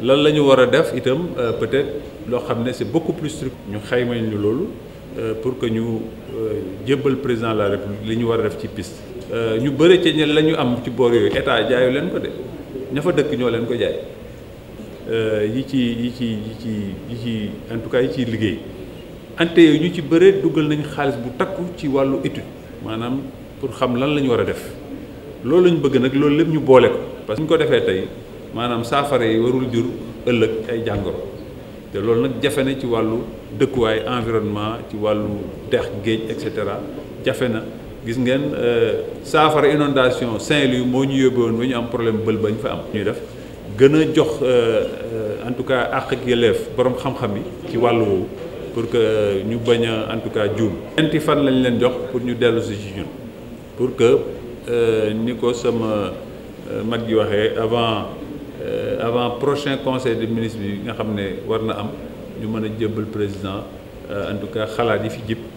lan la ñu war a def itam euh, peut-être loo xam ne si beaucoup plus strict ñu xayma ñu loolu euh, pour que ñu euh, jébbal président la république li ñu war a def ci piste. ñu bëri ci ñen la ñu am ci boor yooyu état jaayu leen ko de ña fa dëkk ñoo leen ko jaay yi ci yi ci yi ci yi ci en tout cas ciy liggéey ante yooyu ñu ci bëree dugal nañu xaalis bu takku ci wàllu étude maanaam pour xam lan la ñu war a def loolu la ñu bëgg nag loolu lépp ñu boole ko parce que ñu ko defee tey. maanaam saafara yi warul jur ëllëg ay jàngoro te loolu nag jafe na ci wàllu dëkkuwaay environnement ci wàllu dex géej et cetera jafe na gis ngeen euh, saafara inondation Saint-Louis moo ñu yóbbewoon ba ñu am problème bël bañ fa am ñuy def gën a jox euh, euh, en tout cas àq ak yelleef borom xam-xam yi ci wàllu woowu pour que ñu bañ a en tout cas juum ñeenti fan lañ leen jox pour ñu dellu si ci ñun pour que ni ko sama mag ji waxee avant Euh, avant le prochain conseil des ministres nous nga xam ne président euh, en tout cas Khaladi yi